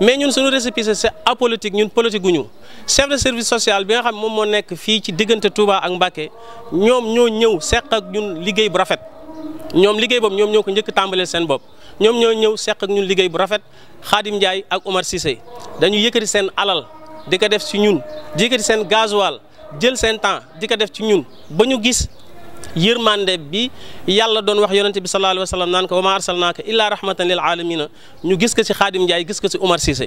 mais ñun suñu récépissé c'est apolitique ñun politique guñu chef de service social bi nga xam moom moo nekk fii ci diggante Touba ak Mbacké ñoom ñoo ñëw seq ak ñun liggéey bu rafet ñoom liggéey boobu ñoom ñoo ko njëkk tàmbaleel seen bopp ñoom ñoo ñëw seq ak ñun liggéey bu rafet Khadim Ndiaye ak Omar Cissé dañu yëkkati seen alal di ko def ci ñun di yëkkati seen gasoil jël seen temps di ko def ci ñun ba ñu gis yërmande bi yàlla don wax yonente bi sallallahu alayhi wasallam nan ko ma arsalnaka illa rahmatan lil alamin ñu gis ko ci khadim Njaay gis ko ci omar Cissé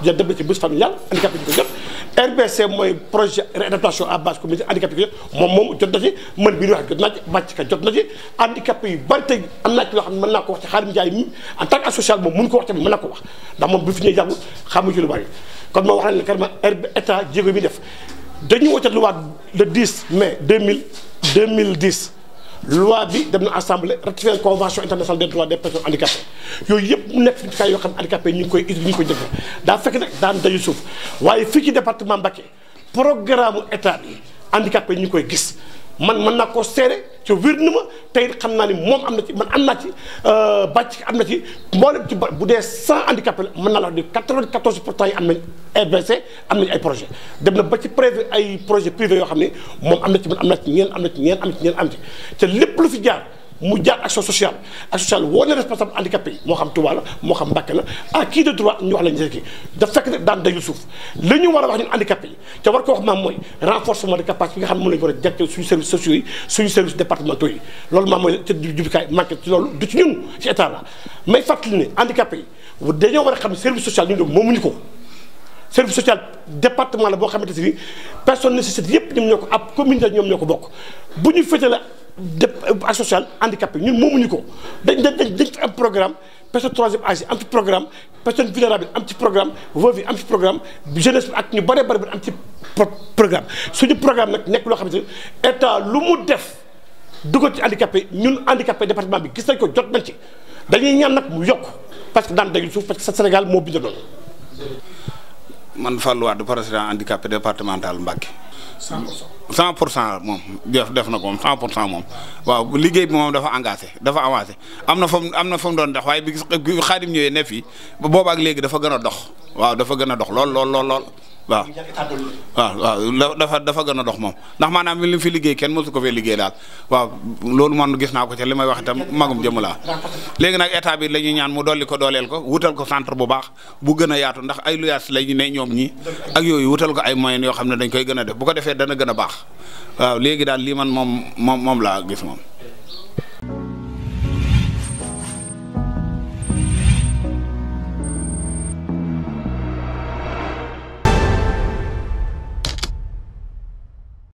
jot dem na ci bus familial handicapé yi ko jot RBC mooy projet réadaptation à base communauté handicapé yi ko jot moom moom jot na ci man bi ñu wax ka jot na ci handicapé yu bari tey am naa loo xam ne mën naa ko wax xaar Xaadim Njaay mi en tant que asocial moom mënu ko wax tamit mën naa ko wax ndax moom bi fi ñuy jàngul xamu ci lu bari kon moo wax na ne carrément RB état jéego bi def dañu woote lu waat le 10 loi bi dem na assemblée ratifié convention internationale des droits des personnes handicapées yooyu yëpp mu nekk jumtukaay yoo xam ne handicapé ñu ngi koy ñu ngi koy jëfe daa fekk nag daan dayu suuf waaye fii ci département Mbacké programme état bi handicapé ñu koy gis man man naa ko seere ci wér na ma tey xam naa ni moom am na ci man am naa ci euh, bàcc am na ci mboolem ci bu dee cent handicapé mën naa la wax ni quatre pour cent am nañ RBC e am nañ ay projet dem na ba ci privé ay projet privé yoo xam ne moom am na ci man am na ci ñeen am na ci ñeen am na ci ñeen am ci te lépp lu fi jaar mu jaar action sociale action sociale woo na responsable handicapé mo xam Touba la mo xam Mbàkke la ah kii de droit ñu wax la njëkk da fekk nag daan da suuf lañu wara wax ñun handicapé ci te war ko wax ma moy renforcement de capacité nga xam ne moom la ñu war a jàkkee suñu service sociaux yi suñu services départementaux yi loolu maam mooy te jubikaay manqué ci loolu du ci ñun ci état la may fàttali ni handicapé yi dañoo war xam service social ñu mo moomuñu ko service social département la boo xamante personne nécessité yépp ñoom ñoko app ab commune la ñoom ñoo ko bokk la dëpp euh, ak social handicapé ñun moomuñu ko dañ dañ dañ fi am programme personne troisième âge am ci programme personne vulnérable am ci programme veuve am ci programme jeunesse bi ak ñu bare bare am ci programme suñu programme nag nekk loo xam ne état lu mu def dugal ci handicapé ñun handicapé département bi gis nañ ko jot nañ ci dañuy ñaan nag mu yokk parce que daan dagul suuf parce sa Sénégal moo bind noonu man Fallou Wade président handicapé départemental Mbacké cent pour cent pour cent moom def def na ko moom cent pour cent moom waaw liggéey bi moom dafa engagé dafa avancé am na fa mu am na fa mu doon dox waaye bi Xaadim ñëwee ne fii boobaak léegi dafa gën a dox waaw dafa gën a dox lool lool lool lool. waaw waaw waaw dafa dafa gën a dox moom ndax maanaam li mu fi liggéey kenn mosu ko fee liggéey daal waaw loolu man gis naa ko ca li may wax itam magum jëmu laa léegi nag état bi la ñuy ñaan mu dolli ko dooleel ko wutal ko centre bu baax bu gën a yaatu ndax ay luyaas la ñu ne ñoom ñi ak yooyu wutal ko ay moyens yoo xam ne dañ koy gën a def bu ko defee dana gën a baax waaw léegi daal lii man moom moom moom laa gis moom